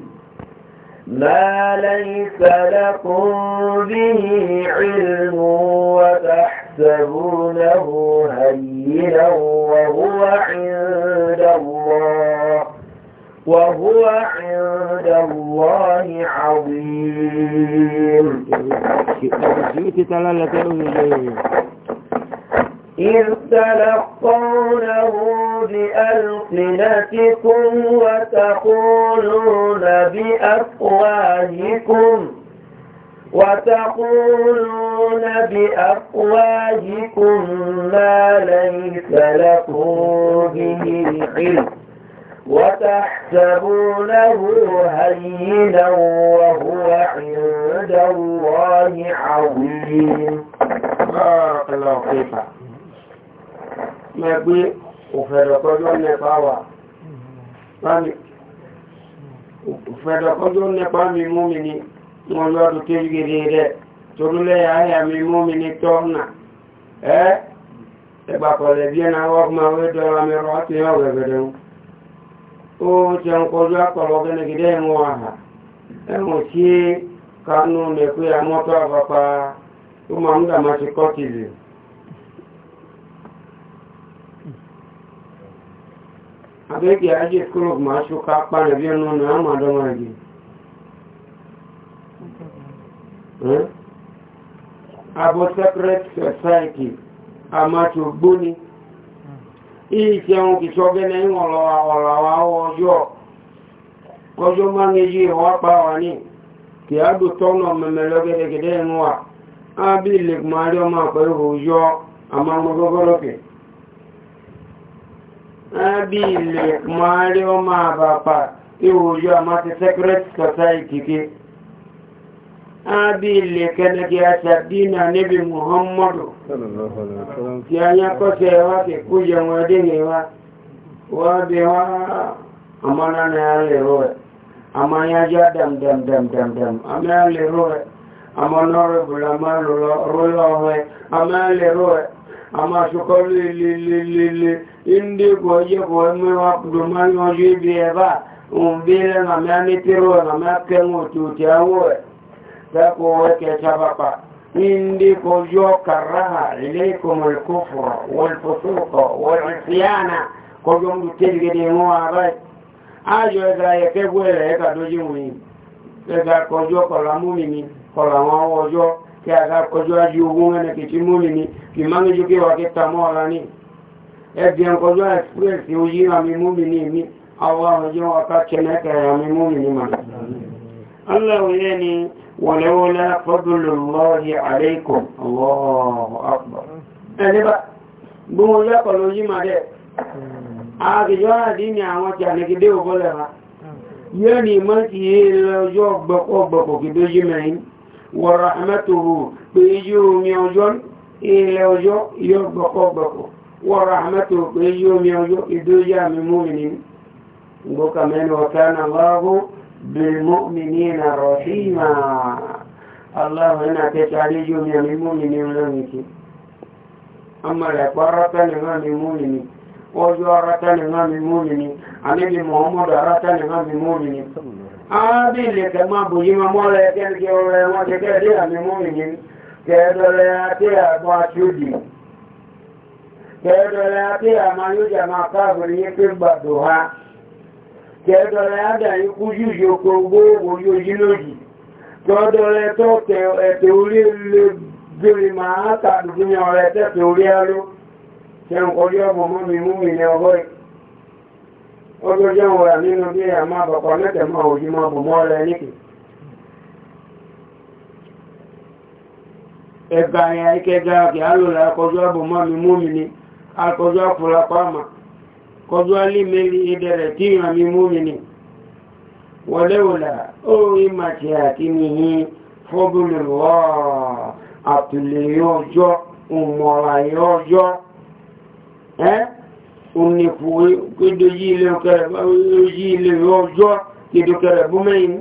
ما ليس لكم به علم وتحقيق يحسبونه هينا وهو عند الله وهو عند الله عظيم إذ تلقونه بألسنتكم وتقولون بأفواهكم وتقولون بأفواجكم ما ليس لكم به علم وتحسبونه هينا وهو عند الله عظيم بارك الله فيك يبي وفرقوا النقا وفرقوا النقا من مؤمنين mo lọ́dù kéjìgìrì rẹ̀ torúlẹ̀ ayà mi mú mi ní tọ́nà ẹ́ ẹgbàkọ̀lẹ̀ bí ẹ̀nà ọgbọ̀n àwọn ìdọ́ra mi rọ́ ti ka gẹ̀gẹ̀dẹ̀ ó ṣe ń kọjú akọ̀lọ̀ gẹ́nẹ̀gẹ́dẹ́ ìwọ̀n àhà ẹ̀wọ̀n sí kanú nẹ̀kú àmọ́tọ́ àpapà ó ka abo separate society amatogboni ìṣẹ̀hun kìsọ́gẹ́lẹ̀ ìwọ̀lọ́wà ọ̀làwà ọjọ́ kọjọ́ ọjọọ ń yí ìwọ́ pa wà ní wa á bí ilẹ̀ kùmárì ọmọ àpẹẹrẹ òjò àmàmọ́gọ́gọ́lọ́kẹ̀ society ke. abile kene kia sabina nabi muhammadu kianya kose wake kuja mwadini wa wabe wa amana na ale roe amanya ja dam dam dam dam dam amana ale roe amana roe amana roe amana ale roe ama sukọ lelelelele ndị kwa oye kwa eme wa kudu mmanụ ọjọ ibi ebe a mbe na mmanụ tiro na mmanụ kemụ otu otu awọ تقوك شبقا عندكم جو كره إليكم الكفر والفسوق والعصيان كجوم تلقي دي موارد ajo ẹ̀dà ẹ̀kẹ́ gbẹ̀rẹ̀ ẹ̀kà lójú wọ̀nyí ẹ̀dà kọjọ́ kọ̀lá múmìnì kọ̀lá wọn ọjọ́ kí àgá kọjọ́ ajú ogun ẹ̀nà kìtì múmìnì kì máa ń lójú kí wà kí ta mọ́ ọ̀la ní ẹ̀dìyàn kọjọ́ ẹ̀sìpẹ́ẹ̀sì oyí àmì múmìnì mi àwọn ọjọ́ wọn ká kẹ́nẹ́kẹ́ ولولا فضل الله عليكم الله أكبر أجبا بقول لك لوجي ما ده àgbèjọ́ a ní kìdé ògbọ́lẹ̀ ha yóò ní mọ́ sí lọ́jọ́ ọgbọ̀pọ̀ kìdó yí mẹ́rin wọ̀rọ̀ àmẹ́tòrò pé بالمؤمنين رحيما الله هنا تتعليج من المؤمنين ولمك أما لقرة لغام المؤمنين وجوارة لغام المؤمنين عمل محمد أرة لغام المؤمنين آبي لك ما بجيما مولا يكلك ولا يموتك لغام المؤمنين كيدولياتي أبوات يدي كيدولياتي أما يجمع كافر يكبر دوها tẹ́ẹ̀dọ̀rẹ̀ ádàrí kú yíyí oko gbogbo yóò yí lójì tọ́dọ̀rẹ̀ tó ẹ̀tẹ̀ orí ilé gbèrè máa tàbíyàn rẹ̀ tẹ́ẹ̀tẹ̀ orí aló tẹ́ǹkọrí ọmọ mọ́mí múmi ní ọgọ́ ọjọ́jọ́ wà nínú bí i àmá bàbá mẹ́tẹ̀ máa òjì máa bù kọjú alímẹ́lì ìdẹ̀rẹ̀ tí ìrìn àmì múmini wọléwòlà ó rí màtí àti nìyí fọ́bùnmìwọ́ àtìlẹ̀yìn ọjọ́ ìmọ̀ràn ọjọ́ ẹ́ ònífò kéde yí ilẹ̀ ọjọ́ kéde kẹrẹ̀bú mẹ́yìn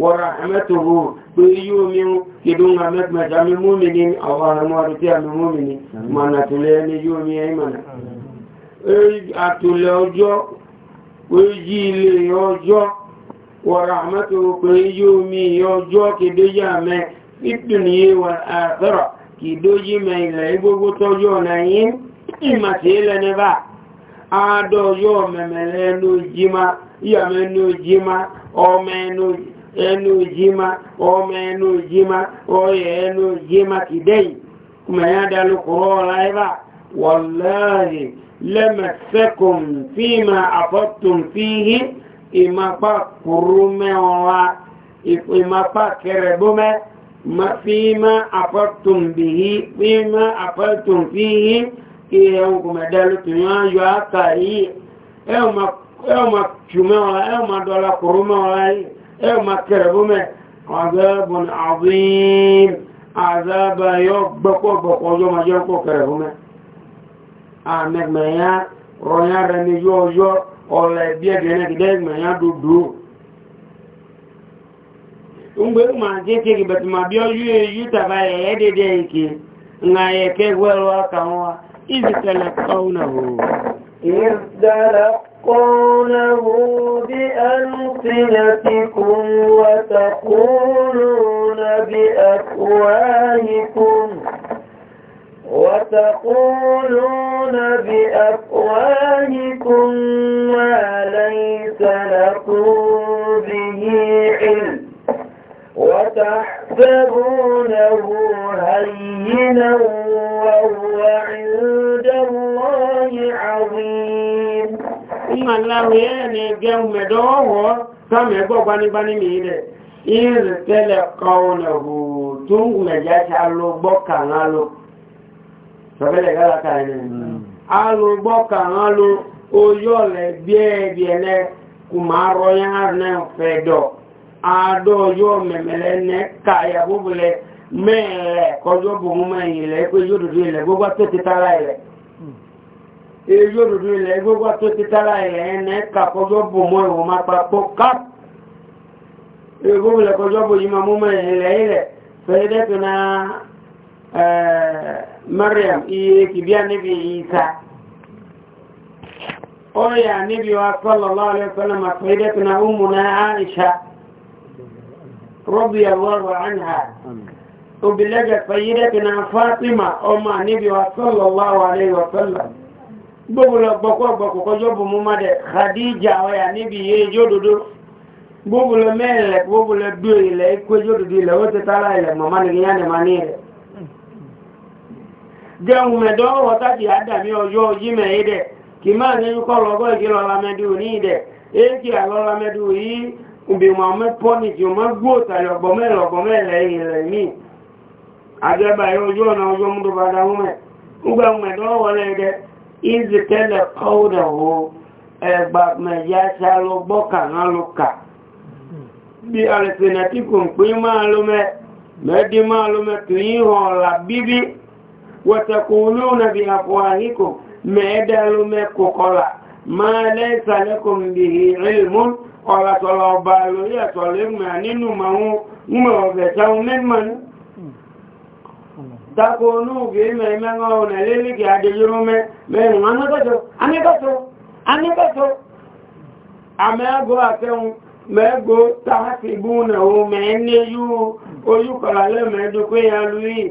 wọ́ra ẹ̀mẹ́tòrò pé yíò mírún kéde ń àmẹ́tìmẹ̀ta mímúmini àwọn àmọ́ àrítí àmì múmini mọ̀nà tìlẹ̀ ẹni yíò mí ẹ́ mọ̀nà àtòlẹ̀ ọjọ́ ojí ilé ọjọ́ wọ̀ràmọ́tò pé yóò mi ọjọ́ kìdójá mẹ́ ìpìnlẹ̀ wà àfẹ́rọ̀ kìdójí mẹ́ ilẹ̀ igbógbó tọ́jọ́ nàyín ìmàtí lẹ́nẹ́bà àádọ́jọ́ lẹ́mẹ̀sẹ́kùn fíìmà àfọ́tùn fíìhí ìmapá kùrúmẹ́ọ̀wá ìmapá kẹrẹ̀bómẹ́ fíìmà àfọ́tùn bìhí fíìmà àfọ́tùn fíìhí ìyẹ̀wò kùmẹ̀dẹ́lùtùn yọ́ yọ áta yìí ẹ̀ọ̀mà kùmẹ́ọ̀wá ẹ̀ọ̀mà dọ́là kùrúmẹ́ọ̀wá yìí ẹ̀ọ̀mà kẹrẹ̀bómẹ́ àzẹ́bùn àbí àzẹ́bà yọ gbọ́kọ̀gbọ̀kọ̀ ọjọ́ màjọ́ kọ̀ kẹrẹ̀bómẹ́ amẹ́gbẹ̀ẹ́yà rọ̀yà rẹ̀ ní yọ ọyọ́ ọ̀lẹ̀ bí ẹgbẹ̀rẹ̀ gidẹ́ ẹgbẹ̀yà dòdò ngbe ma jẹ́ tẹ́gì bẹ̀tù ma bí ọyọ́ èyí tàbá ẹ̀yẹ́ dédé ìkè ńlá ẹ̀kẹ́ wẹ́rọ àkàwọn وتقولون بأفواهكم تقولون بأفواهكم ما ليس لكم به علم وتحسبونه هينا وهو عند الله عظيم إن الله يعني جمع دوه كم يقول بني بني ميلة إذ تلقونه تنقل جاشا لو بكا لو sọ̀rẹ́lẹ̀ gára ká ẹni alùgbọ́kà wọn ló oyó ọ̀lẹ̀ gbẹ́ẹ̀gbẹ̀ẹ́lẹ́ kò máa rọyá náà fẹ́ dọ̀ àádọ́ oyó mẹ̀mẹ̀lẹ́ ní káyà búbulẹ̀ mẹ́ẹ̀rẹ̀ kọjọ́ bòun mẹ́yìn ilẹ̀ pé yóò dòdó ilẹ̀ gbogbo tó ti tára ilẹ̀ yóò dòdó ilẹ̀ gbogbo tó ti tára ilẹ̀ ní ká kọjọ́ bò mọ́ ìwò máa papọ̀ káp gbogbo kọjọ́ bò yìí máa mú mẹ́yìn ilẹ̀ ilẹ̀ Maryam iye kìbíà níbi ìyíká. Ó yà níbi wa sallallahu alaihi wasallam sayyidatuna ummuna Aisha radiyallahu anha. Obìlẹ́gẹ̀ sayyidatuna Fatima ọmọ níbi wa sallallahu alaihi wasallam. Gbogbo lọ gbọ́kọ́ gbọ́kọ́ kọjọ́ bù mú mọ́dẹ̀ Khadija ọ̀yà níbi iye jódodo. Gbogbo lọ mẹ́rin lẹ̀ gbogbo lọ dúró ilẹ̀ ikú jódodo ilẹ̀ ó jẹun mẹ́dọ́ wọ́tàdì àdàmí ọjọ́ ojí mẹ́ẹ̀dẹ̀ kì máa ní kọ́ lọ́gọ́ ìgbé lọ́lamẹ́dù ní ìdẹ̀ èkì àlọ́lamẹ́dù yìí ìbìmọ̀ mẹ́pọ́nì tí ó mọ́ gbó tàyọ̀gbọ́ mẹ́lọ̀gbọ́ mẹ́lẹ̀yìn rẹ̀ mí àjẹ́bàá ọjọ́ ọ̀nà ọjọ́ mú tó bá dáhùn mẹ́ watakuluna biafwahikum mẹ́ẹ̀dẹ́lu mẹ́kọ̀kọ́lá máa lẹ́sà lẹ́kùn bìhì ilmù ọ̀làtọ̀lọ̀ ọba lórí ẹ̀tọ̀ lẹ́gbẹ̀ẹ́ nínú màwọn múmọ̀ ọ̀fẹ́ táwọn mẹ́gbẹ̀ẹ́ ní ta onúùgbé mẹ́mẹ́ngọ́ na lélẹ́gì adéyúrú mẹ́rin yu o yu àfẹ́hun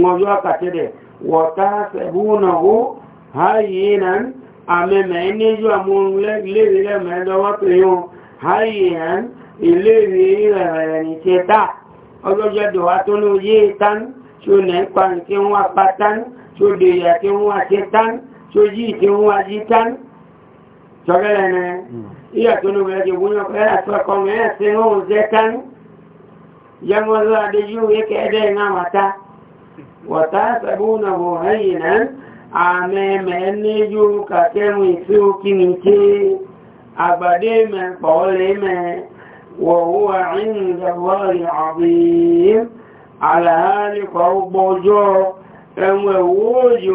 ngọjọ́ kàtẹ́dẹ̀ wọ̀tá sẹ̀búnàwó háyìnán àmẹ́mẹ́ níjú àmúlẹ́rẹ́ mẹ́lọ́wọ́ tó yún háyìnán ìlérí rẹ̀ ní ṣe dá ọlọ́jọ́ dọ̀wá tó ní oyé tán tí ó nẹ́pa tí ó wá pa tán tí ó dèyà tí ó wá ṣe tán tí ó yí tí ó wá yí tán sọ́rẹ́lẹ̀ nẹ́ ìyà tó ní wẹ́rẹ́ ìwúyàn fẹ́rẹ́ àtọ́kọ́ mẹ́rẹ́ sí ń hùn jẹ́ adéjú wíkẹ́ ẹ̀dẹ́ ìná wàtàṣàbùnàwò ẹ̀yìnà àmẹ́mẹ́ níjú kàkẹ́rùn tí ó kí ní tí àgbàdé mẹ́ pọ̀ọ́lé mẹ́ wọ̀wọ́ àrínrẹ̀wọ́rì àríyìn àlàáríkọ̀ ọgbọ́jọ́ ẹwẹ̀ wóòjì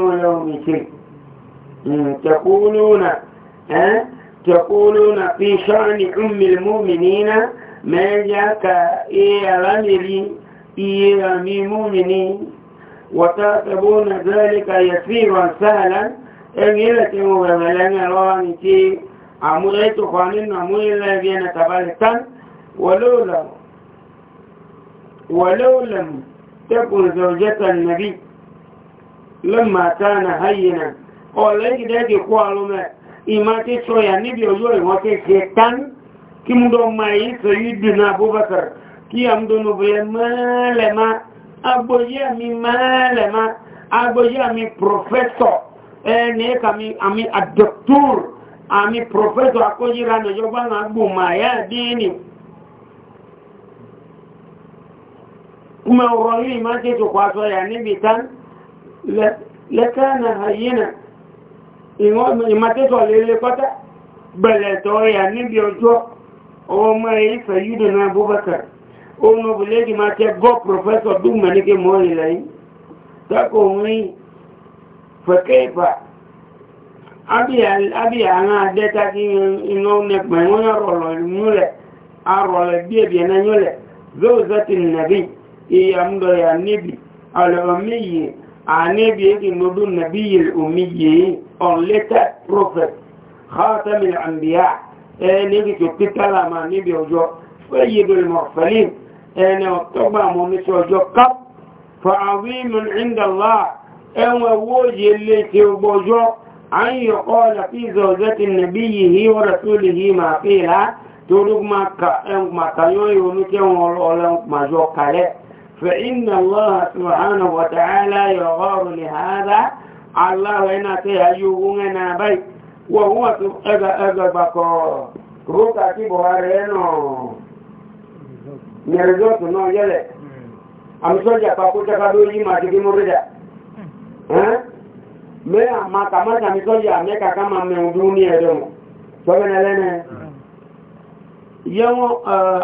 orin iye àmì múmi ní وتعتبون ذلك يسيرا سهلا إنجلة مبهلان رواني تي عموليت خانين عمولي الله بينا تبالتان ولولا ولو لم تكن زوجة النبي لما كان هينا ọ̀lẹ́gì dẹ́gì kó alọ́mẹ́ ìmá tí sọ yà níbi ojú ìwọ́n tí ṣe tán kí mú dọ́ máa yí sọ yí agbóyé mi mẹ́lẹ̀má agbóyé mi pòfẹ́sọ̀ ẹni ẹ̀ka mi àmì àdọ̀túr àmì pòfẹ́sọ̀ akóyíra nàìjọba náà gbò máa yá dínì kuma wurare ma ce su kwaso ya nibi tan lakana hayina imate su lele kwata bẹ̀lẹ̀ tọ́ ya níbi ọjọ́ ọmọ ìfẹ̀ yìí dùn abubakar ohun ọ̀bùlẹ́ kì máa tẹ gọ́ pòfẹ́sọ̀ dúgbà ní kí mọ́ ìlà yìí tako mi fẹ̀kẹ́fà ábí àwọn adẹ́ta kí iná nẹpẹ̀ wọ́n rọ̀lọ̀ múlẹ̀ arọ̀lẹ̀ bí ẹ̀bí ẹ̀nà yọ́lẹ̀ zóòzẹ́tì nàbí ìyàmdọ̀yà níbi alẹ́ọ̀míyì àníbi èkì nọdún nàbí ìlúmíyì unlettered prophet khatamil anbiya ẹni kìkì pítàlàmà níbi ọjọ́ fẹ́yẹ̀bẹ̀rẹ̀ mọ̀fẹ́lẹ́ ẹni ọ̀tọ́gbà mọ́ ní ṣọjọ́ káp fa'awimin indala ẹwọ owó yẹlé tí ó gbọ́jọ́ an yọ ọ́lá fi zọ̀zẹ́tì nàbí yìí wà rasúlì yìí máa fi rá torí makayọ́ yóò tí wọ́n ọlọ́ فإن الله سبحانه وتعالى يغار لهذا الله هنا تيهيوغنا بيت وهو أغا أغا بكر روكا كي mẹ́rin tó ọ̀pọ̀ náà yẹ́lẹ̀ àmìsọ́jà pàpọ̀ jẹ́ka ló yí máa jẹ́gbé mọ́rẹ́jà mẹ́rin àmàkà mọ́ta àmìsọ́jà mẹ́ka ká máa mẹ́rin dúró ní ẹ̀dọ́mù sọ́gbẹ́nà lẹ́nà yẹ́wọ́n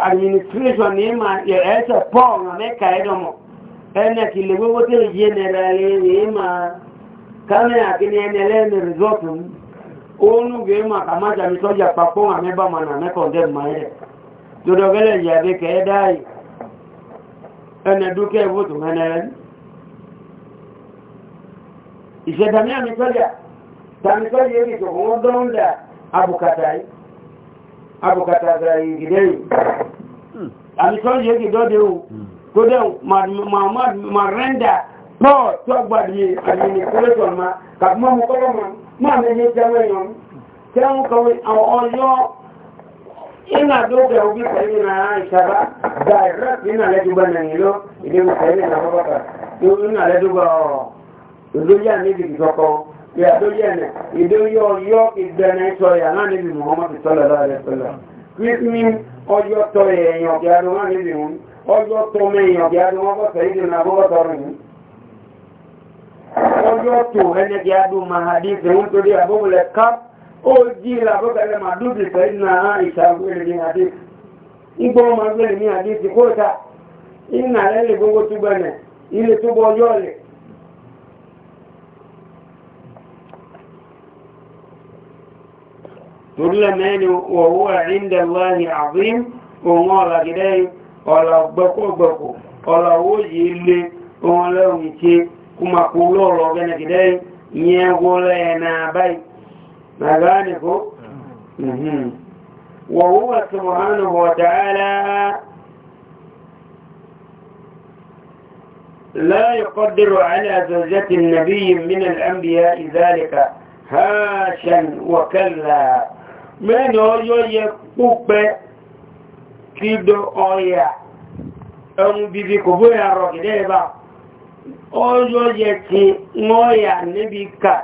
administration ní ma ẹ̀ẹ́sẹ̀ paul mẹ́ka ẹ̀dọ́mù ẹ̀ dodogele yabe ke dai ana duke vutu hanan ise damia mikoja tamikoja yake to hodonda abukatai abukataga ingidei hmm. amikoja yake dode u kode hmm. mamad marenda po togbadmi administrator ma kakuma mukolo ma ma me ni tamanyo tamu kawi awo yo ina doga ubi sahibi na aisha ba direct ina lajuba na nilo ile usahibi na babaka ina lajuba idoya nibi kisoko ya doya ne idoyo yo idana ito ya na nibi muhammad sallallahu alaihi wasallam kismin ojo to eyan ki adu na nibi mun ojo to me eyan ki adu mo sahibi na babaka run ojo to ene ki adu mahadith run to di abule kap ó jí ìlàbọ́kẹ̀lẹ̀ máa dúdì pẹ̀lú náà ìṣàgbèrè ní àdé igbó ọmọ agbèrè ní àdé ti kó ta ìnà lẹ́lẹ̀ gbogbo tó gbẹ̀nẹ̀ ilé tó bọ́ ọjọ́ ọ̀lẹ̀ torí lẹ́mẹ́ni àbín owó yìí lé ohun lọ́rọ̀ náà báyìí na gane ko wa huwa subhanahu wa ta'ala لا يقدر على زوجة نبي من الأنبياء ذلك هاشا وكلا من يو يقوب كيدو أويا أم بيبي كبويا روكي ديبا أو يو يكي نبي كات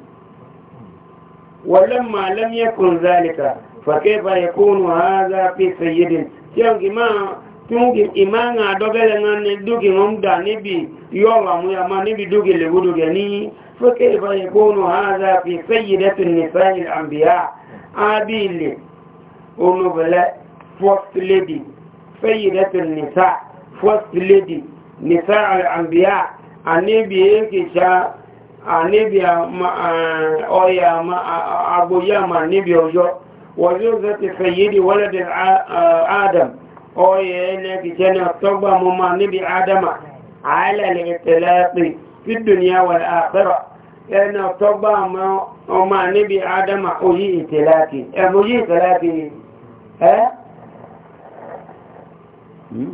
ولما لم يكن ذلك فكيف يكون هذا في سيد تيونغي ما تيونغي إيمان أدوغل أن دوغي ممدا نبي يوغا ميا ما نبي دوغي لغدوغي ني فكيف يكون هذا في سيدة النساء الأنبياء أبيلي ونبلا first lady سيدة النساء first lady نساء الأنبياء النبي يكشف níbi ọya agbóyàmà níbi ọjọ́ wọ́n zai ti fẹ̀yìdì wọ́lẹ̀dẹ̀ adam ọya ẹlẹ́gìtẹ́ náà tọ́gbà mọ́mà níbi adama àálẹ̀lẹ̀tẹ̀lẹ́pẹ̀ fi dùnìyà wà àpẹrọ ẹnà tọ́gbà mọ́mà níbi adama oyí ìtẹ̀lẹ́pì ẹ̀mọ́yí ìtẹ̀lẹ́pì ni ẹ́ hmm.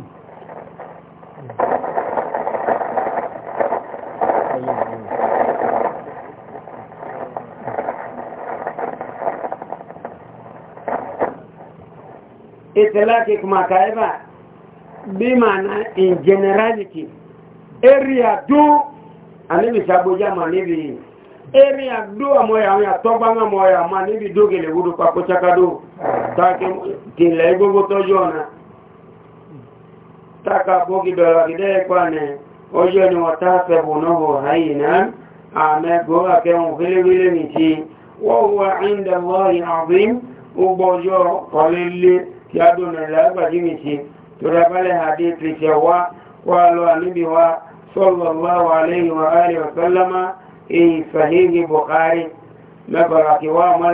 itilaki kuma kaiba bi mana in generality area do anibi saboja ma nibi area do amo ya ya togba ma mo ya ma nibi do gele wudu pa ko chaka do ta ke kile gogo to jona taka bogi do la gide kwa ne ojo ni wata fe haina ame go ake on vile vile wa huwa inda allah azim ubojo qalil kí adùnà lágbàjí mi ti tọ́rọ abálẹ̀ àdé tẹ̀sẹ̀ wá kọ́ alọ́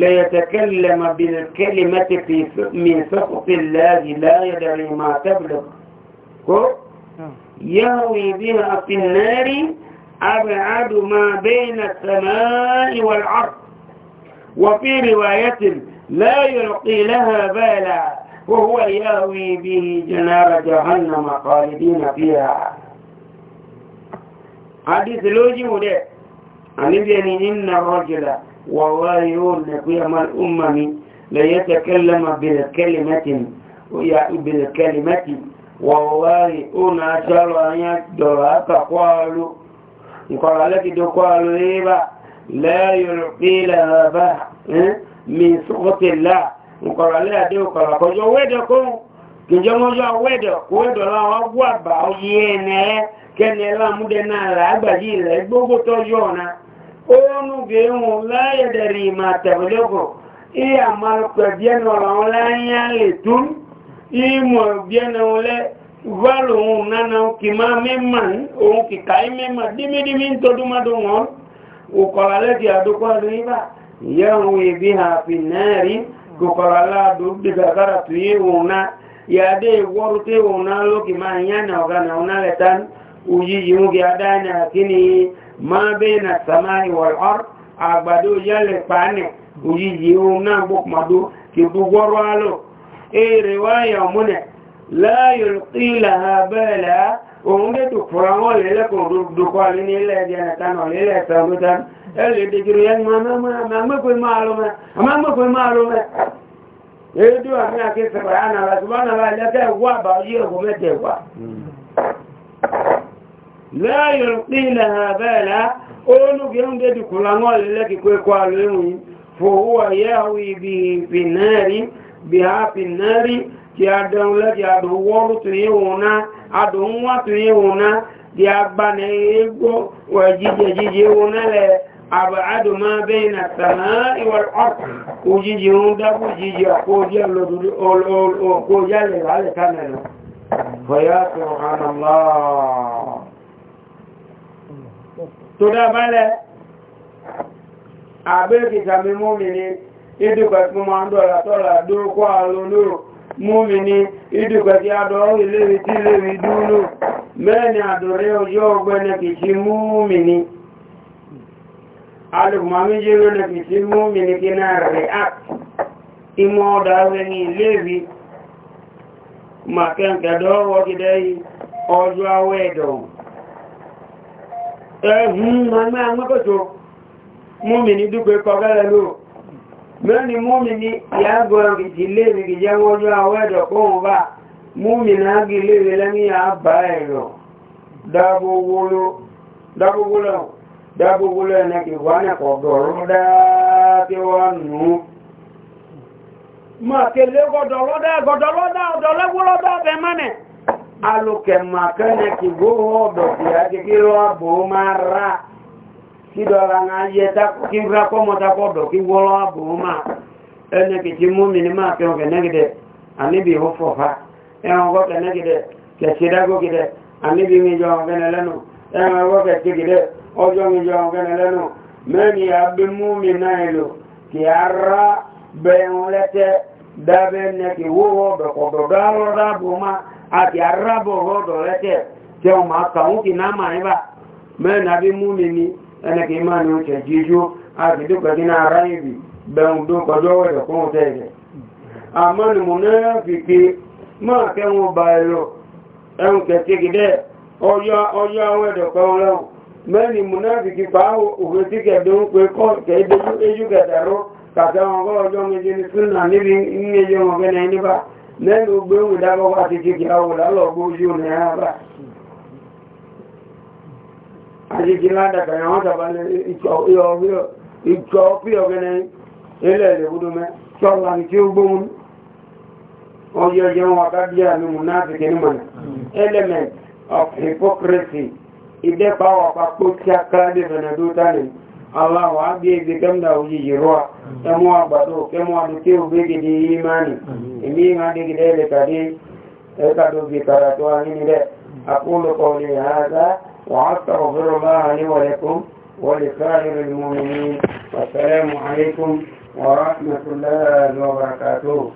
لا يتكلم بالكلمة في من سخط الله لا يدري ما تبلغ يهوي بها في النار أبعد ما بين السماء والأرض وفي رواية لا يلقي لها بالا وهو يهوي به جنار جهنم خالدين فيها حديث لوجي عن ابن إن الرجل والله يقول قيام الأمم ليتكلم بالكلمة بالكلمة والله أنا شر أن يدرى تقوالو قال لك تقوالو إيه لا يلقي لها باع من سخط الله وقال لها دي وقال كجو ويدكم كجو مجو ويدك ويدو لا أبواب أجينا كان لا مدنا لا أبجي لا يبوغو توجونا onu gẹ̀ẹ́hùn láyẹ̀dẹ̀rì ìmà tẹ̀wẹ̀lẹ́kọ̀ ìyà àmàlùkọ̀ bíẹ́nà ọ̀rọ̀ láyé lè tún ìmọ̀ bíẹ́nà ọlẹ́ vọ́lù òun nánà kì máa mẹ́mà òun kìkà ukọ̀lá lẹ́dí àdúgbò nígbà yẹ́hùn ìbí àfi náà rí kòkọ̀lá láàdú dìgbàgbára tó yé òun náà yàdé ìwọ́rú tí òun náà lókè máa yánà ọ̀gá náà náà lẹ́ta òyí yìí ń adáyìn àkíní máa bẹ́ na sàmà ìwọ̀lọ́r àgbàdo yálẹ̀ pàánì òyí kibu òun náà gbọ́kùnmọ́dó kì gbogbo rọ́ láàyò ìlà abẹ́lá òun gẹ́tù fúranwọ́ lẹ́lẹ́kùn dùkọ́ àlíní ilẹ̀ ẹ̀dì àtànà kwa ti adẹun lẹ́ ti adùn wọ́rù tún ihun náà adùn wá tún ihun náà di agbáni egbó wẹ̀ jíjẹ jíjẹ tàná ọ̀pọ̀ ohun jíjẹ ìdúkọ̀ ìpínmọ́ tọ́lá dúró kọ́ múmi ni ìdùgbẹ̀kí adọ́ iléri tí iléri dúró mẹ́rin àdọ̀rẹ́ ọjọ́ ọgbẹ́lẹ̀ kì sí múmi ni alùmọ̀mí jẹ́rọ lè kì sí múmi ni kí náà rẹ̀ act ìmọ̀ ọ̀dà ẹni iléri màkẹ́ǹkẹ́dọ́ wọ́gidẹ́ ọjọ́ awẹ́ ẹ̀dọ̀ ẹ̀hùn mọ́mí ni dúgbẹ̀kọ́ gẹ́lẹ́ lóò mẹ́rin múmi ní ìyàgbọ́ ìdílé rìrì jẹ́wọ́jọ́ àwẹ́dọ̀ kóhùn bá múmi náà gílé rẹ̀ lẹ́yìn àbá ẹ̀rọ dábogúlò ẹ̀nà ìwánẹ̀kọ̀ gọ̀rún dáàbí wọ́n nù ú máa kèlé gọ̀dọ̀lọ́dá gọ̀dọ̀lọ́dá ọ̀dọ̀lọ́gbọ́lọ́dá ọ̀bẹ̀ mẹ́nẹ̀ alùkẹ̀mà kẹ́nẹ̀kì gbóhùn ọ̀dọ̀ kídọ̀ra ń ayẹ kí n rákọ́ mọ́takọ́dọ̀ kí wọ́lọ́ àbò máa ẹni kìtì mú mi ní máa kẹwọn kẹ̀nẹ́gidẹ̀ àníbi ìhó fọ̀fá ẹwọn kọ́ kẹ̀nẹ́gidẹ̀ kẹ̀ṣẹ́dágógidẹ̀ àníbi ìjọ àwọn mẹ́rin abẹ́ mú mi náà lò kì á rá bẹ̀rún lẹ́tẹ́ dábẹ́ ní ẹnẹ́kì ìmánu ṣẹ̀ jíjú àfìdúkọ̀dí náà ráìbì bẹ̀rùn dúkọjọ́ wẹ̀rẹ̀ kún tẹ́ẹ̀rẹ̀ àmọ́nù mùnáfìkì máa kẹwọn bá ẹlọ ẹun kẹtíkìdẹ́ ọyọ́ àwọn ẹ̀dọ̀kọ́ ọlọ́run mẹ́ni mùnáfìkì pàáwò òfin pé kọ́ kẹ́ẹ̀dẹ́jú ejú kẹtàrọ́ kàtàwọn ọgọ́ ọjọ́ méjì ní súnà níbi àjíjí ládàkà àwọn tàbá ní ìjọ píọ̀ gẹ́nẹ́ ilẹ̀ ìlẹ̀wúdó mẹ́ ṣọ́lá ní tí ó gbóhun ọjọ́ jẹun àkájíyà ní munafiki ní mọ̀nà element of hypocrisy ìdẹ́pà ọ̀pápọ̀ tí a káàdé fẹ̀nàdó tánì aláwọ̀ ábí ebi kẹ́mdà òyìyì rọ́ ẹmú àgbàdo kẹ́mú àdúté ògbégede yìí máa nì èmi máa dégede ẹ̀lẹ́kàdé ẹ̀kàdó fi kàràtọ́ وأستغفر الله لي ولكم ولسائر المؤمنين والسلام عليكم ورحمة الله وبركاته